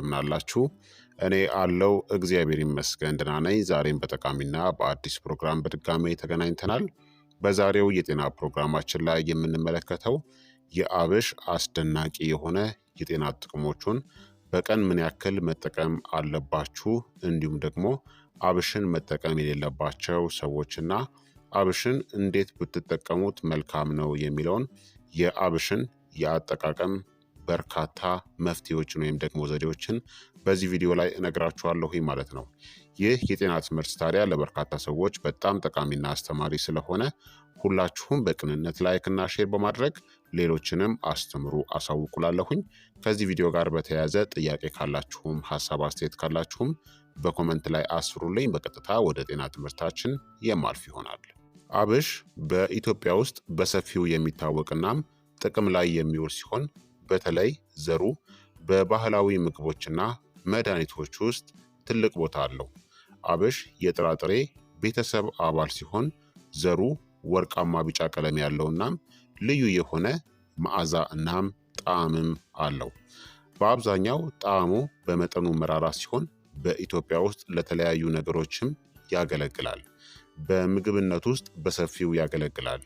እንደምናላችሁ እኔ አለው እግዚአብሔር ይመስገን ደህና ነኝ። ዛሬም በጠቃሚና በአዲስ ፕሮግራም በድጋሜ ተገናኝተናል። በዛሬው የጤና ፕሮግራማችን ላይ የምንመለከተው የአብሽ አስደናቂ የሆነ የጤና ጥቅሞቹን በቀን ምን ያክል መጠቀም አለባችሁ፣ እንዲሁም ደግሞ አብሽን መጠቀም የሌለባቸው ሰዎችና አብሽን እንዴት ብትጠቀሙት መልካም ነው የሚለውን የአብሽን የአጠቃቀም በርካታ መፍትሄዎችን ወይም ደግሞ ዘዴዎችን በዚህ ቪዲዮ ላይ እነግራችኋለሁ ማለት ነው። ይህ የጤና ትምህርት ታዲያ ለበርካታ ሰዎች በጣም ጠቃሚና አስተማሪ ስለሆነ ሁላችሁም በቅንነት ላይክና ሼር በማድረግ ሌሎችንም አስተምሩ አሳውቁላለሁኝ። ከዚህ ቪዲዮ ጋር በተያያዘ ጥያቄ ካላችሁም ሀሳብ አስተያየት ካላችሁም በኮመንት ላይ አስፍሩልኝ። በቀጥታ ወደ ጤና ትምህርታችን የማልፍ ይሆናል። አብሽ በኢትዮጵያ ውስጥ በሰፊው የሚታወቅናም ጥቅም ላይ የሚውል ሲሆን በተለይ ዘሩ በባህላዊ ምግቦችና መድኃኒቶች ውስጥ ትልቅ ቦታ አለው። አብሽ የጥራጥሬ ቤተሰብ አባል ሲሆን ዘሩ ወርቃማ ቢጫ ቀለም ያለውናም ልዩ የሆነ መዓዛ እናም ጣዕምም አለው። በአብዛኛው ጣዕሙ በመጠኑ መራራ ሲሆን በኢትዮጵያ ውስጥ ለተለያዩ ነገሮችም ያገለግላል። በምግብነት ውስጥ በሰፊው ያገለግላል።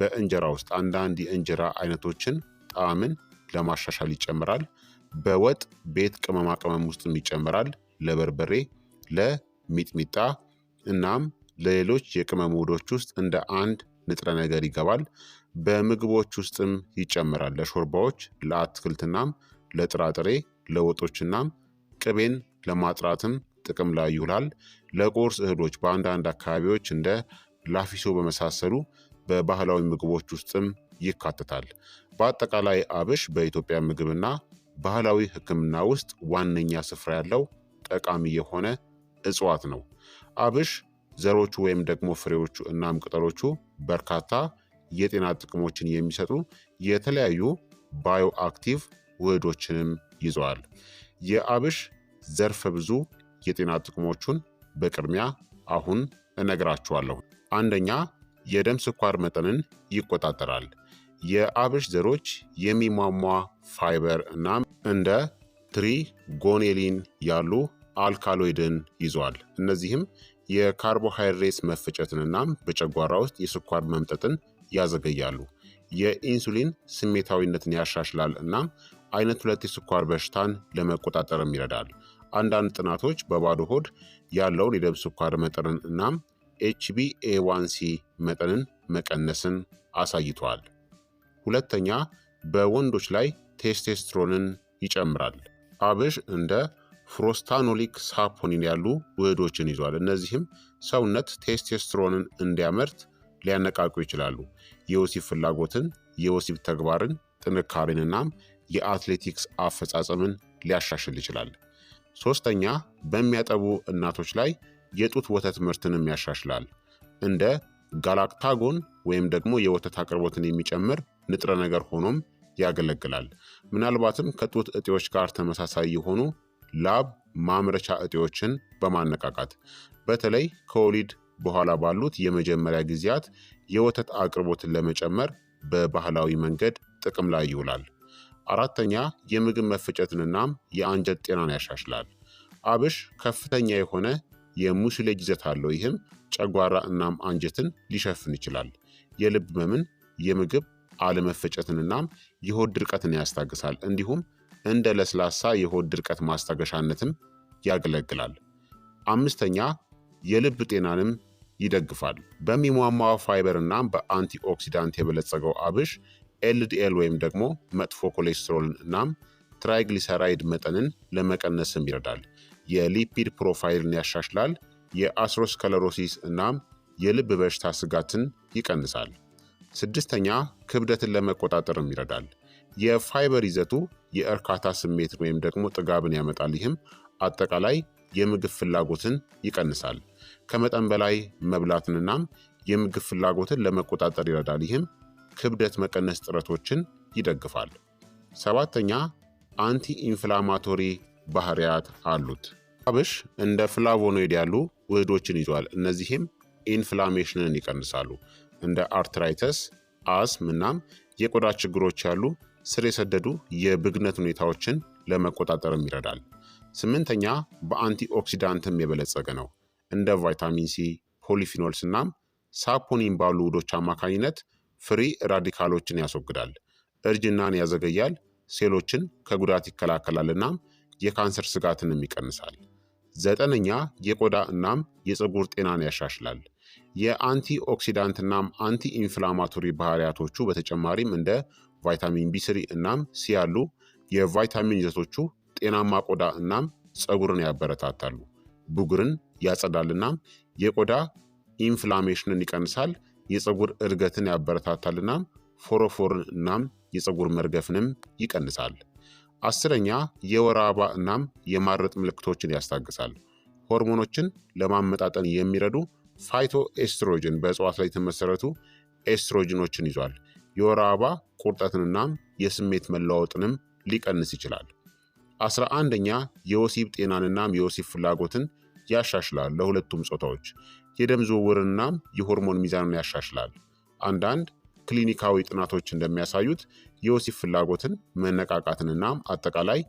በእንጀራ ውስጥ አንዳንድ የእንጀራ አይነቶችን ጣዕምን ለማሻሻል ይጨምራል። በወጥ ቤት ቅመማ ቅመም ውስጥም ይጨምራል። ለበርበሬ፣ ለሚጥሚጣ እናም ለሌሎች የቅመም ውህዶች ውስጥ እንደ አንድ ንጥረ ነገር ይገባል። በምግቦች ውስጥም ይጨምራል። ለሾርባዎች፣ ለአትክልትናም፣ ለጥራጥሬ፣ ለወጦችናም ቅቤን ለማጥራትም ጥቅም ላይ ይውላል። ለቁርስ እህሎች በአንዳንድ አካባቢዎች እንደ ላፊሶ በመሳሰሉ በባህላዊ ምግቦች ውስጥም ይካተታል። በአጠቃላይ አብሽ በኢትዮጵያ ምግብና ባህላዊ ሕክምና ውስጥ ዋነኛ ስፍራ ያለው ጠቃሚ የሆነ እጽዋት ነው። አብሽ ዘሮቹ ወይም ደግሞ ፍሬዎቹ እናም ቅጠሎቹ በርካታ የጤና ጥቅሞችን የሚሰጡ የተለያዩ ባዮ አክቲቭ ውህዶችንም ይዘዋል። የአብሽ ዘርፈ ብዙ የጤና ጥቅሞቹን በቅድሚያ አሁን እነግራችኋለሁ። አንደኛ የደም ስኳር መጠንን ይቆጣጠራል። የአብሽ ዘሮች የሚሟሟ ፋይበር እናም እንደ ትሪጎኔሊን ያሉ አልካሎይድን ይዟል። እነዚህም የካርቦሃይድሬት መፈጨትን እናም በጨጓራ ውስጥ የስኳር መምጠጥን ያዘገያሉ። የኢንሱሊን ስሜታዊነትን ያሻሽላል እናም አይነት ሁለት የስኳር በሽታን ለመቆጣጠርም ይረዳል። አንዳንድ ጥናቶች በባዶ ሆድ ያለውን የደም ስኳር መጠንን እናም ኤችቢኤዋንሲ መጠንን መቀነስን አሳይቷል። ሁለተኛ በወንዶች ላይ ቴስቴስትሮንን ይጨምራል። አብሽ እንደ ፍሮስታኖሊክ ሳፖኒን ያሉ ውህዶችን ይዟል። እነዚህም ሰውነት ቴስቴስትሮንን እንዲያመርት ሊያነቃቁ ይችላሉ። የወሲብ ፍላጎትን፣ የወሲብ ተግባርን፣ ጥንካሬንናም የአትሌቲክስ አፈጻጸምን ሊያሻሽል ይችላል። ሶስተኛ በሚያጠቡ እናቶች ላይ የጡት ወተት ምርትንም ያሻሽላል። እንደ ጋላክታጎን ወይም ደግሞ የወተት አቅርቦትን የሚጨምር ንጥረ ነገር ሆኖም ያገለግላል። ምናልባትም ከጡት እጢዎች ጋር ተመሳሳይ የሆኑ ላብ ማምረቻ እጢዎችን በማነቃቃት በተለይ ከወሊድ በኋላ ባሉት የመጀመሪያ ጊዜያት የወተት አቅርቦትን ለመጨመር በባህላዊ መንገድ ጥቅም ላይ ይውላል። አራተኛ የምግብ መፈጨትንናም የአንጀት ጤናን ያሻሽላል። አብሽ ከፍተኛ የሆነ የሙስሌጅ ይዘት አለው። ይህም ጨጓራ እናም አንጀትን ሊሸፍን ይችላል። የልብ ህመምን፣ የምግብ አለመፈጨትንና የሆድ ድርቀትን ያስታግሳል። እንዲሁም እንደ ለስላሳ የሆድ ድርቀት ማስታገሻነትም ያገለግላል። አምስተኛ የልብ ጤናንም ይደግፋል። በሚሟሟ ፋይበር እና በአንቲኦክሲዳንት የበለጸገው አብሽ ኤልዲኤል ወይም ደግሞ መጥፎ ኮሌስትሮልን እናም ትራይግሊሰራይድ መጠንን ለመቀነስም ይረዳል። የሊፒድ ፕሮፋይልን ያሻሽላል። የአስሮስከለሮሲስ እናም የልብ በሽታ ስጋትን ይቀንሳል። ስድስተኛ ክብደትን ለመቆጣጠርም ይረዳል። የፋይበር ይዘቱ የእርካታ ስሜትን ወይም ደግሞ ጥጋብን ያመጣል። ይህም አጠቃላይ የምግብ ፍላጎትን ይቀንሳል። ከመጠን በላይ መብላትንናም የምግብ ፍላጎትን ለመቆጣጠር ይረዳል። ይህም ክብደት መቀነስ ጥረቶችን ይደግፋል። ሰባተኛ አንቲ ኢንፍላማቶሪ ባህሪያት አሉት። አብሽ እንደ ፍላቮኖይድ ያሉ ውህዶችን ይዟል። እነዚህም ኢንፍላሜሽንን ይቀንሳሉ። እንደ አርትራይተስ፣ አስም እናም የቆዳ ችግሮች ያሉ ስር የሰደዱ የብግነት ሁኔታዎችን ለመቆጣጠርም ይረዳል። ስምንተኛ በአንቲኦክሲዳንትም የበለጸገ ነው። እንደ ቫይታሚን ሲ፣ ፖሊፊኖልስ እናም ሳፖኒን ባሉ ውህዶች አማካኝነት ፍሪ ራዲካሎችን ያስወግዳል፣ እርጅናን ያዘገያል፣ ሴሎችን ከጉዳት ይከላከላል እናም የካንሰር ስጋትንም ይቀንሳል። ዘጠነኛ የቆዳ እናም የፀጉር ጤናን ያሻሽላል። የአንቲ ኦክሲዳንትናም አንቲ ኢንፍላማቶሪ ባህሪያቶቹ በተጨማሪም እንደ ቫይታሚን ቢ3 እናም ሲ ያሉ የቫይታሚን ይዘቶቹ ጤናማ ቆዳ እናም ፀጉርን ያበረታታሉ። ብጉርን ያጸዳል እናም የቆዳ ኢንፍላሜሽንን ይቀንሳል። የፀጉር እድገትን ያበረታታል እናም ፎሮፎርን እናም የፀጉር መርገፍንም ይቀንሳል። አስረኛ የወር አበባ እናም የማረጥ ምልክቶችን ያስታግሳል። ሆርሞኖችን ለማመጣጠን የሚረዱ ፋይቶ ኤስትሮጅን በእጽዋት ላይ የተመሰረቱ ኤስትሮጅኖችን ይዟል። የወር አበባ ቁርጠትንናም የስሜት መለዋወጥንም ሊቀንስ ይችላል። አስራ አንደኛ የወሲብ ጤናንናም የወሲብ ፍላጎትን ያሻሽላል። ለሁለቱም ጾታዎች የደም ዝውውርንናም የሆርሞን ሚዛንን ያሻሽላል። አንዳንድ ክሊኒካዊ ጥናቶች እንደሚያሳዩት የወሲብ ፍላጎትን መነቃቃትንና አጠቃላይ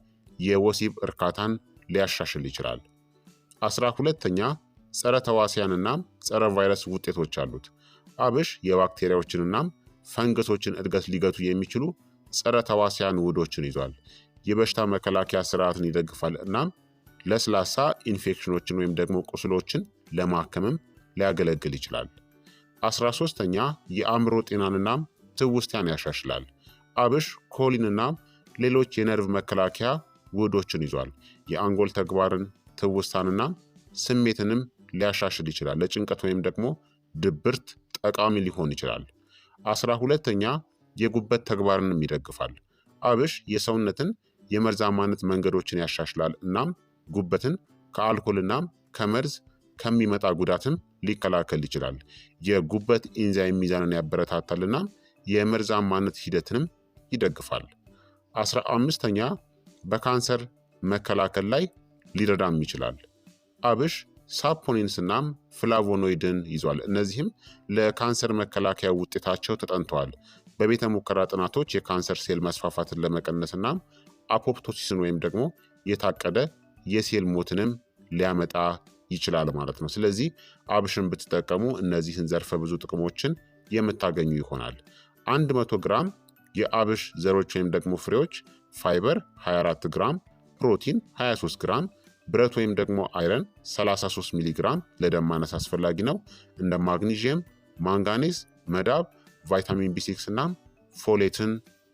የወሲብ እርካታን ሊያሻሽል ይችላል። አስራ ሁለተኛ ጸረ ተዋሲያንና ጸረ ቫይረስ ውጤቶች አሉት። አብሽ የባክቴሪያዎችንና ፈንገሶችን እድገት ሊገቱ የሚችሉ ጸረ ተዋሲያን ውህዶችን ይዟል። የበሽታ መከላከያ ስርዓትን ይደግፋል። እናም ለስላሳ ኢንፌክሽኖችን ወይም ደግሞ ቁስሎችን ለማከምም ሊያገለግል ይችላል። አስራ ሶስተኛ የአእምሮ ጤናንናም ትውስቲያን ያሻሽላል። አብሽ ኮሊንና ሌሎች የነርቭ መከላከያ ውህዶችን ይዟል። የአንጎል ተግባርን ትውስታንና ስሜትንም ሊያሻሽል ይችላል። ለጭንቀት ወይም ደግሞ ድብርት ጠቃሚ ሊሆን ይችላል። አስራ ሁለተኛ የጉበት ተግባርንም ይደግፋል። አብሽ የሰውነትን የመርዛማነት መንገዶችን ያሻሽላል እናም ጉበትን ከአልኮል ከመርዝ ከሚመጣ ጉዳትም ሊከላከል ይችላል። የጉበት ኢንዛይም ሚዛንን ያበረታታል የመርዛማነት ሂደትንም ይደግፋል። አስራ አምስተኛ በካንሰር መከላከል ላይ ሊረዳም ይችላል። አብሽ ሳፖኒንስናም ፍላቮኖይድን ይዟል። እነዚህም ለካንሰር መከላከያ ውጤታቸው ተጠንተዋል። በቤተ ሙከራ ጥናቶች የካንሰር ሴል መስፋፋትን ለመቀነስና አፖፕቶሲስን ወይም ደግሞ የታቀደ የሴል ሞትንም ሊያመጣ ይችላል ማለት ነው። ስለዚህ አብሽን ብትጠቀሙ እነዚህን ዘርፈ ብዙ ጥቅሞችን የምታገኙ ይሆናል። 100 ግራም የአብሽ ዘሮች ወይም ደግሞ ፍሬዎች ፋይበር 24 ግራም፣ ፕሮቲን 23 ግራም ብረት ወይም ደግሞ አይረን 33 ሚሊግራም ለደም ማነስ አስፈላጊ ነው። እንደ ማግኒዥየም፣ ማንጋኔዝ፣ መዳብ፣ ቫይታሚን ቢ6 እናም ፎሌትን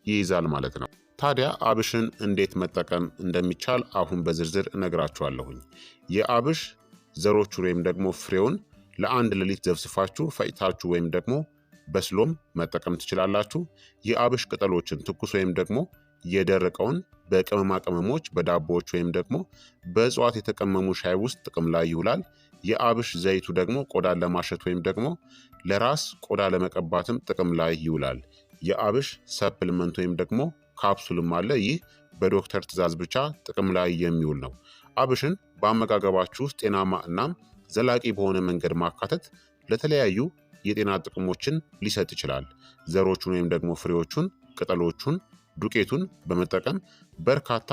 ይይዛል ማለት ነው። ታዲያ አብሽን እንዴት መጠቀም እንደሚቻል አሁን በዝርዝር እነግራችኋለሁኝ። የአብሽ ዘሮቹ ወይም ደግሞ ፍሬውን ለአንድ ሌሊት ዘብስፋችሁ ፈጭታችሁ ወይም ደግሞ በስሎም መጠቀም ትችላላችሁ። የአብሽ ቅጠሎችን ትኩስ ወይም ደግሞ የደረቀውን በቅመማ ቅመሞች፣ በዳቦዎች ወይም ደግሞ በእጽዋት የተቀመሙ ሻይ ውስጥ ጥቅም ላይ ይውላል። የአብሽ ዘይቱ ደግሞ ቆዳን ለማሸት ወይም ደግሞ ለራስ ቆዳ ለመቀባትም ጥቅም ላይ ይውላል። የአብሽ ሰፕልመንት ወይም ደግሞ ካፕሱልም አለ። ይህ በዶክተር ትዕዛዝ ብቻ ጥቅም ላይ የሚውል ነው። አብሽን በአመጋገባችሁ ውስጥ ጤናማ እናም ዘላቂ በሆነ መንገድ ማካተት ለተለያዩ የጤና ጥቅሞችን ሊሰጥ ይችላል። ዘሮቹን ወይም ደግሞ ፍሬዎቹን፣ ቅጠሎቹን ዱቄቱን በመጠቀም በርካታ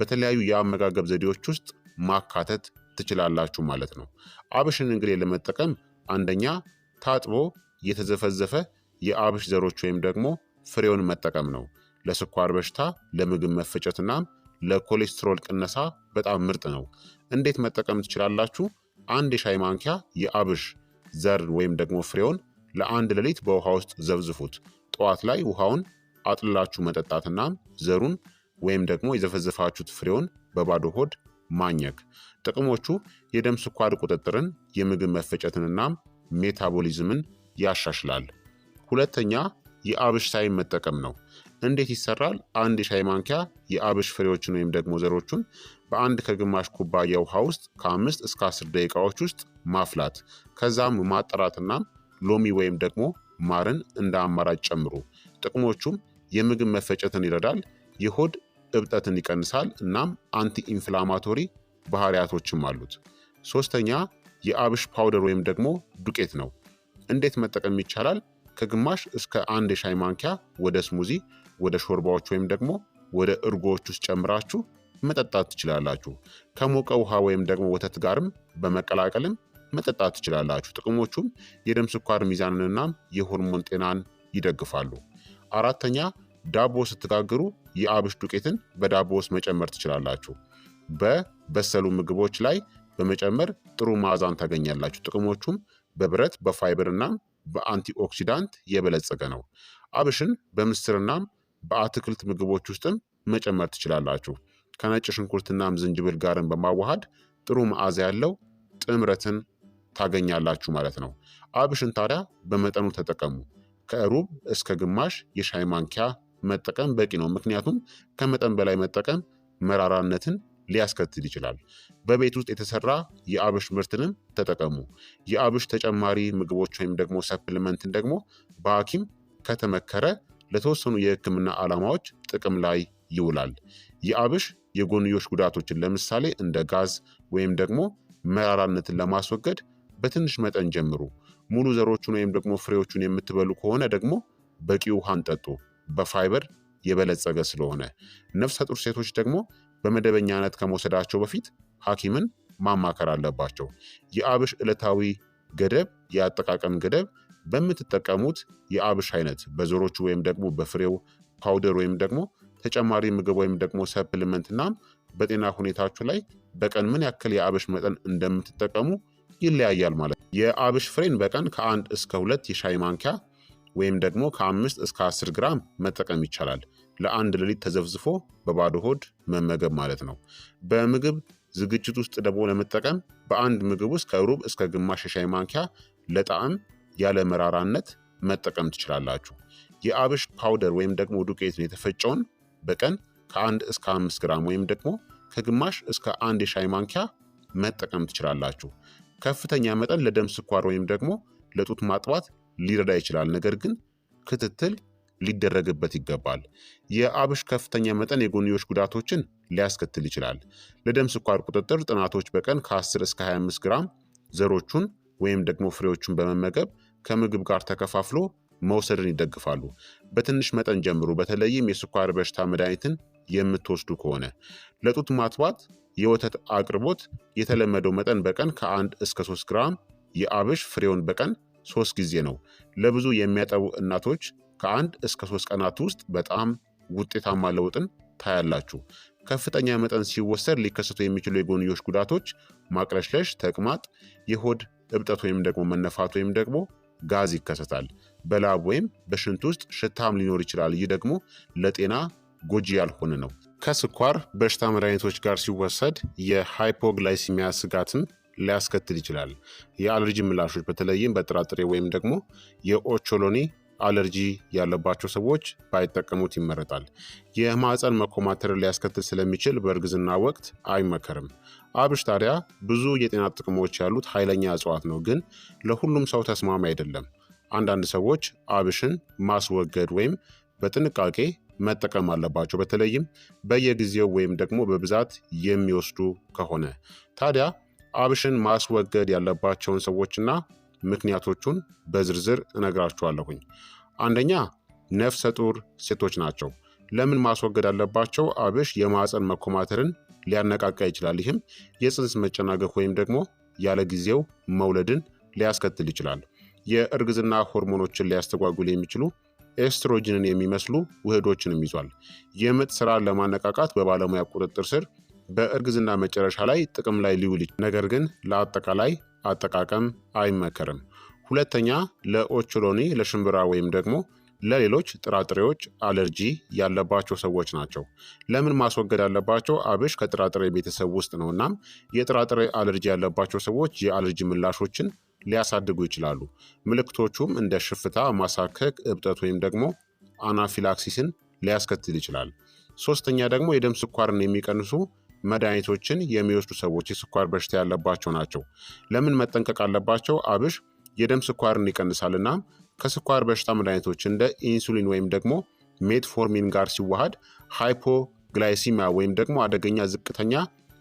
በተለያዩ የአመጋገብ ዘዴዎች ውስጥ ማካተት ትችላላችሁ ማለት ነው። አብሽን እንግዲህ ለመጠቀም አንደኛ ታጥቦ የተዘፈዘፈ የአብሽ ዘሮች ወይም ደግሞ ፍሬውን መጠቀም ነው። ለስኳር በሽታ፣ ለምግብ መፈጨትና ለኮሌስትሮል ቅነሳ በጣም ምርጥ ነው። እንዴት መጠቀም ትችላላችሁ? አንድ የሻይ ማንኪያ የአብሽ ዘር ወይም ደግሞ ፍሬውን ለአንድ ሌሊት በውሃ ውስጥ ዘብዝፉት። ጠዋት ላይ ውሃውን አጥልላችሁ መጠጣትና ዘሩን ወይም ደግሞ የዘፈዘፋችሁት ፍሬውን በባዶ ሆድ ማኘክ። ጥቅሞቹ የደም ስኳር ቁጥጥርን፣ የምግብ መፈጨትንና ሜታቦሊዝምን ያሻሽላል። ሁለተኛ የአብሽ ሻይን መጠቀም ነው። እንዴት ይሰራል? አንድ የሻይ ማንኪያ የአብሽ ፍሬዎችን ወይም ደግሞ ዘሮቹን በአንድ ከግማሽ ኩባያ ውሃ ውስጥ ከአምስት እስከ አስር ደቂቃዎች ውስጥ ማፍላት። ከዛም ማጠራትና ሎሚ ወይም ደግሞ ማርን እንደ አማራጭ ጨምሩ። ጥቅሞቹም የምግብ መፈጨትን ይረዳል፣ የሆድ እብጠትን ይቀንሳል፣ እናም አንቲ ኢንፍላማቶሪ ባህሪያቶችም አሉት። ሶስተኛ የአብሽ ፓውደር ወይም ደግሞ ዱቄት ነው። እንዴት መጠቀም ይቻላል? ከግማሽ እስከ አንድ የሻይ ማንኪያ ወደ ስሙዚ፣ ወደ ሾርባዎች ወይም ደግሞ ወደ እርጎዎች ውስጥ ጨምራችሁ መጠጣት ትችላላችሁ። ከሞቀ ውሃ ወይም ደግሞ ወተት ጋርም በመቀላቀልም መጠጣት ትችላላችሁ። ጥቅሞቹም የደም ስኳር ሚዛንንና የሆርሞን ጤናን ይደግፋሉ። አራተኛ ዳቦ ስትጋግሩ የአብሽ ዱቄትን በዳቦ ውስጥ መጨመር ትችላላችሁ። በበሰሉ ምግቦች ላይ በመጨመር ጥሩ መዓዛን ታገኛላችሁ። ጥቅሞቹም በብረት በፋይበርና በአንቲኦክሲዳንት የበለጸገ ነው። አብሽን በምስርናም በአትክልት ምግቦች ውስጥም መጨመር ትችላላችሁ። ከነጭ ሽንኩርትናም ዝንጅብል ጋርን በማዋሃድ ጥሩ መዓዛ ያለው ጥምረትን ታገኛላችሁ ማለት ነው። አብሽን ታዲያ በመጠኑ ተጠቀሙ። ከሩብ እስከ ግማሽ የሻይ ማንኪያ መጠቀም በቂ ነው። ምክንያቱም ከመጠን በላይ መጠቀም መራራነትን ሊያስከትል ይችላል። በቤት ውስጥ የተሰራ የአብሽ ምርትንም ተጠቀሙ። የአብሽ ተጨማሪ ምግቦች ወይም ደግሞ ሰፕልመንትን ደግሞ በሐኪም ከተመከረ ለተወሰኑ የህክምና ዓላማዎች ጥቅም ላይ ይውላል። የአብሽ የጎንዮሽ ጉዳቶችን ለምሳሌ እንደ ጋዝ ወይም ደግሞ መራራነትን ለማስወገድ በትንሽ መጠን ጀምሩ። ሙሉ ዘሮቹን ወይም ደግሞ ፍሬዎቹን የምትበሉ ከሆነ ደግሞ በቂ ውሃን ጠጡ፣ በፋይበር የበለጸገ ስለሆነ። ነፍሰ ጡር ሴቶች ደግሞ በመደበኛነት ከመውሰዳቸው በፊት ሐኪምን ማማከር አለባቸው። የአብሽ ዕለታዊ ገደብ የአጠቃቀም ገደብ በምትጠቀሙት የአብሽ አይነት በዘሮቹ ወይም ደግሞ በፍሬው ፓውደር ወይም ደግሞ ተጨማሪ ምግብ ወይም ደግሞ ሰፕልመንት እናም በጤና ሁኔታችሁ ላይ በቀን ምን ያክል የአብሽ መጠን እንደምትጠቀሙ ይለያያል ማለት ነው። የአብሽ ፍሬን በቀን ከአንድ እስከ ሁለት የሻይ ማንኪያ ወይም ደግሞ ከአምስት እስከ አስር ግራም መጠቀም ይቻላል። ለአንድ ሌሊት ተዘፍዝፎ በባዶ ሆድ መመገብ ማለት ነው። በምግብ ዝግጅት ውስጥ ደግሞ ለመጠቀም በአንድ ምግብ ውስጥ ከሩብ እስከ ግማሽ የሻይ ማንኪያ ለጣዕም ያለ መራራነት መጠቀም ትችላላችሁ። የአብሽ ፓውደር ወይም ደግሞ ዱቄት የተፈጨውን በቀን ከአንድ እስከ አምስት ግራም ወይም ደግሞ ከግማሽ እስከ አንድ የሻይ ማንኪያ መጠቀም ትችላላችሁ። ከፍተኛ መጠን ለደም ስኳር ወይም ደግሞ ለጡት ማጥባት ሊረዳ ይችላል። ነገር ግን ክትትል ሊደረግበት ይገባል። የአብሽ ከፍተኛ መጠን የጎንዮሽ ጉዳቶችን ሊያስከትል ይችላል። ለደም ስኳር ቁጥጥር ጥናቶች በቀን ከ10 እስከ 25 ግራም ዘሮቹን ወይም ደግሞ ፍሬዎቹን በመመገብ ከምግብ ጋር ተከፋፍሎ መውሰድን ይደግፋሉ። በትንሽ መጠን ጀምሩ። በተለይም የስኳር በሽታ መድኃኒትን የምትወስዱ ከሆነ ለጡት ማጥባት የወተት አቅርቦት የተለመደው መጠን በቀን ከአንድ እስከ 3 ግራም የአብሽ ፍሬውን በቀን ሶስት ጊዜ ነው። ለብዙ የሚያጠቡ እናቶች ከአንድ እስከ ሶስት ቀናት ውስጥ በጣም ውጤታማ ለውጥን ታያላችሁ። ከፍተኛ መጠን ሲወሰድ ሊከሰቱ የሚችሉ የጎንዮሽ ጉዳቶች ማቅለሽለሽ፣ ተቅማጥ፣ የሆድ እብጠት ወይም ደግሞ መነፋት ወይም ደግሞ ጋዝ ይከሰታል። በላብ ወይም በሽንት ውስጥ ሽታም ሊኖር ይችላል። ይህ ደግሞ ለጤና ጎጂ ያልሆነ ነው። ከስኳር በሽታ መድኃኒቶች ጋር ሲወሰድ የሃይፖግላይሲሚያ ስጋትን ሊያስከትል ይችላል። የአለርጂ ምላሾች በተለይም በጥራጥሬ ወይም ደግሞ የኦቾሎኒ አለርጂ ያለባቸው ሰዎች ባይጠቀሙት ይመረጣል። የማህፀን መኮማተር ሊያስከትል ስለሚችል በእርግዝና ወቅት አይመከርም። አብሽ ታዲያ ብዙ የጤና ጥቅሞች ያሉት ኃይለኛ እጽዋት ነው፣ ግን ለሁሉም ሰው ተስማሚ አይደለም። አንዳንድ ሰዎች አብሽን ማስወገድ ወይም በጥንቃቄ መጠቀም አለባቸው። በተለይም በየጊዜው ወይም ደግሞ በብዛት የሚወስዱ ከሆነ ታዲያ አብሽን ማስወገድ ያለባቸውን ሰዎችና ምክንያቶቹን በዝርዝር እነግራችኋለሁኝ። አንደኛ ነፍሰ ጡር ሴቶች ናቸው። ለምን ማስወገድ አለባቸው? አብሽ የማፀን መኮማተርን ሊያነቃቃ ይችላል። ይህም የፅንስ መጨናገፍ ወይም ደግሞ ያለ ጊዜው መውለድን ሊያስከትል ይችላል። የእርግዝና ሆርሞኖችን ሊያስተጓጉል የሚችሉ ኤስትሮጅንን የሚመስሉ ውህዶችንም ይዟል። የምጥ ስራን ለማነቃቃት በባለሙያ ቁጥጥር ስር በእርግዝና መጨረሻ ላይ ጥቅም ላይ ሊውል ነገር ግን ለአጠቃላይ አጠቃቀም አይመከርም። ሁለተኛ ለኦቾሎኒ ለሽምብራ ወይም ደግሞ ለሌሎች ጥራጥሬዎች አለርጂ ያለባቸው ሰዎች ናቸው። ለምን ማስወገድ ያለባቸው አብሽ ከጥራጥሬ ቤተሰብ ውስጥ ነው። እናም የጥራጥሬ አለርጂ ያለባቸው ሰዎች የአለርጂ ምላሾችን ሊያሳድጉ ይችላሉ። ምልክቶቹም እንደ ሽፍታ፣ ማሳከክ፣ እብጠት ወይም ደግሞ አናፊላክሲስን ሊያስከትል ይችላል። ሶስተኛ ደግሞ የደም ስኳርን የሚቀንሱ መድኃኒቶችን የሚወስዱ ሰዎች የስኳር በሽታ ያለባቸው ናቸው። ለምን መጠንቀቅ አለባቸው? አብሽ የደም ስኳርን ይቀንሳል እናም ከስኳር በሽታ መድኃኒቶች እንደ ኢንሱሊን ወይም ደግሞ ሜትፎርሚን ጋር ሲዋሃድ ሃይፖግላይሲሚያ ወይም ደግሞ አደገኛ ዝቅተኛ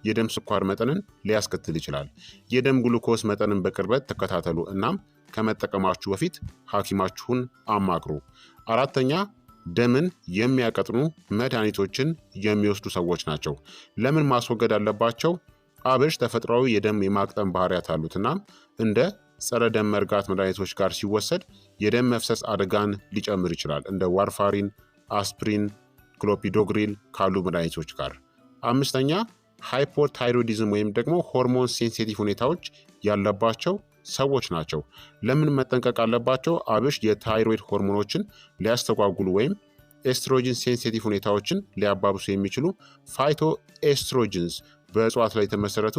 የደም ስኳር መጠንን ሊያስከትል ይችላል። የደም ግሉኮስ መጠንን በቅርበት ተከታተሉ እናም ከመጠቀማችሁ በፊት ሐኪማችሁን አማክሩ። አራተኛ ደምን የሚያቀጥኑ መድኃኒቶችን የሚወስዱ ሰዎች ናቸው። ለምን ማስወገድ አለባቸው? አብሽ ተፈጥሯዊ የደም የማቅጠን ባህሪያት እናም እንደ ጸረ ደም መርጋት መድኃኒቶች ጋር ሲወሰድ የደም መፍሰስ አደጋን ሊጨምር ይችላል። እንደ ዋርፋሪን፣ አስፕሪን፣ ክሎፒዶግሪል ካሉ መድኃኒቶች ጋር። አምስተኛ ሃይፖታይሮዲዝም ወይም ደግሞ ሆርሞን ሴንሲቲቭ ሁኔታዎች ያለባቸው ሰዎች ናቸው። ለምን መጠንቀቅ አለባቸው? አብሽ የታይሮይድ ሆርሞኖችን ሊያስተጓጉሉ ወይም ኤስትሮጂን ሴንሲቲቭ ሁኔታዎችን ሊያባብሱ የሚችሉ ፋይቶ ኤስትሮጂንስ በእጽዋት ላይ የተመሰረቱ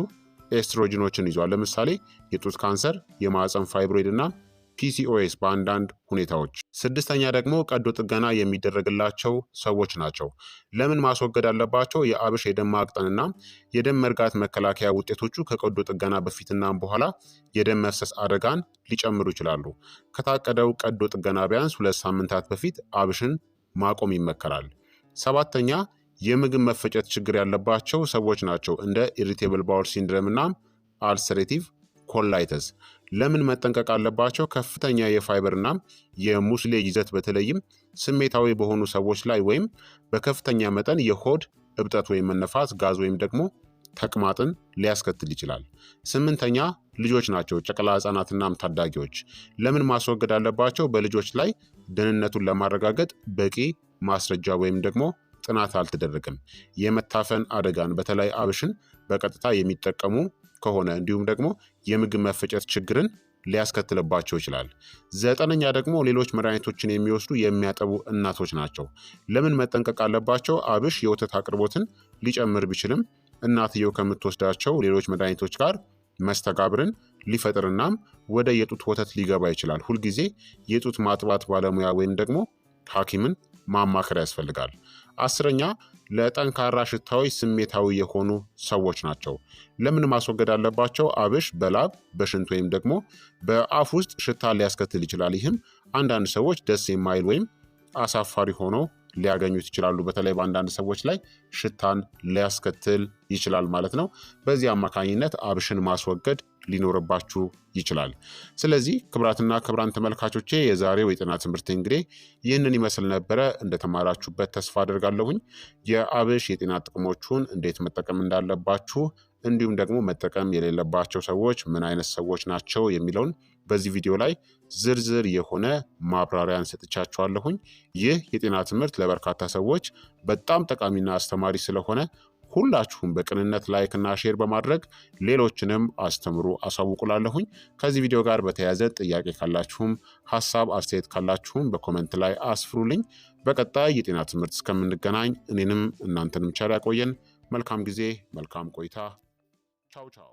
ኤስትሮጂኖችን ይዟል። ለምሳሌ የጡት ካንሰር፣ የማዕፀን ፋይብሮይድ እና ፒሲኦኤስ በአንዳንድ ሁኔታዎች ስድስተኛ ደግሞ ቀዶ ጥገና የሚደረግላቸው ሰዎች ናቸው። ለምን ማስወገድ አለባቸው? የአብሽ የደም ማቅጠንና የደም መርጋት መከላከያ ውጤቶቹ ከቀዶ ጥገና በፊትና በኋላ የደም መፍሰስ አደጋን ሊጨምሩ ይችላሉ። ከታቀደው ቀዶ ጥገና ቢያንስ ሁለት ሳምንታት በፊት አብሽን ማቆም ይመከራል። ሰባተኛ የምግብ መፈጨት ችግር ያለባቸው ሰዎች ናቸው። እንደ ኢሪቴብል ባውል ሲንድረም እና አልሰሬቲቭ ኮላይተስ ለምን መጠንቀቅ አለባቸው? ከፍተኛ የፋይበርና የሙስሌጅ ይዘት በተለይም ስሜታዊ በሆኑ ሰዎች ላይ ወይም በከፍተኛ መጠን የሆድ እብጠት ወይም መነፋት፣ ጋዝ ወይም ደግሞ ተቅማጥን ሊያስከትል ይችላል። ስምንተኛ ልጆች ናቸው። ጨቅላ ህጻናትናም ታዳጊዎች ለምን ማስወገድ አለባቸው? በልጆች ላይ ደህንነቱን ለማረጋገጥ በቂ ማስረጃ ወይም ደግሞ ጥናት አልተደረገም። የመታፈን አደጋን በተለይ አብሽን በቀጥታ የሚጠቀሙ ከሆነ እንዲሁም ደግሞ የምግብ መፈጨት ችግርን ሊያስከትልባቸው ይችላል። ዘጠነኛ ደግሞ ሌሎች መድኃኒቶችን የሚወስዱ የሚያጠቡ እናቶች ናቸው። ለምን መጠንቀቅ አለባቸው? አብሽ የወተት አቅርቦትን ሊጨምር ቢችልም እናትየው ከምትወስዳቸው ሌሎች መድኃኒቶች ጋር መስተጋብርን ሊፈጥርናም ወደ የጡት ወተት ሊገባ ይችላል። ሁልጊዜ የጡት ማጥባት ባለሙያ ወይም ደግሞ ሐኪምን ማማከር ያስፈልጋል። አስረኛ ለጠንካራ ሽታዎች ስሜታዊ የሆኑ ሰዎች ናቸው። ለምን ማስወገድ አለባቸው? አብሽ በላብ በሽንት ወይም ደግሞ በአፍ ውስጥ ሽታ ሊያስከትል ይችላል። ይህም አንዳንድ ሰዎች ደስ የማይል ወይም አሳፋሪ ሆኖ ሊያገኙት ይችላሉ። በተለይ በአንዳንድ ሰዎች ላይ ሽታን ሊያስከትል ይችላል ማለት ነው። በዚህ አማካኝነት አብሽን ማስወገድ ሊኖርባችሁ ይችላል። ስለዚህ ክብራትና ክብራን ተመልካቾቼ የዛሬው የጤና ትምህርት እንግዲህ ይህንን ይመስል ነበረ። እንደተማራችሁበት ተስፋ አድርጋለሁኝ። የአብሽ የጤና ጥቅሞቹን እንዴት መጠቀም እንዳለባችሁ እንዲሁም ደግሞ መጠቀም የሌለባቸው ሰዎች ምን አይነት ሰዎች ናቸው የሚለውን በዚህ ቪዲዮ ላይ ዝርዝር የሆነ ማብራሪያን ሰጥቻችኋለሁኝ። ይህ የጤና ትምህርት ለበርካታ ሰዎች በጣም ጠቃሚና አስተማሪ ስለሆነ ሁላችሁም በቅንነት እና ሼር በማድረግ ሌሎችንም አስተምሩ አሳውቁላለሁኝ። ከዚህ ቪዲዮ ጋር በተያያዘ ጥያቄ ካላችሁም ሀሳብ አስተያየት ካላችሁም በኮመንት ላይ አስፍሩልኝ። በቀጣይ የጤና ትምህርት እስከምንገናኝ እኔንም እናንተንም ቸር ያቆየን። መልካም ጊዜ፣ መልካም ቆይታ። ቻው ቻው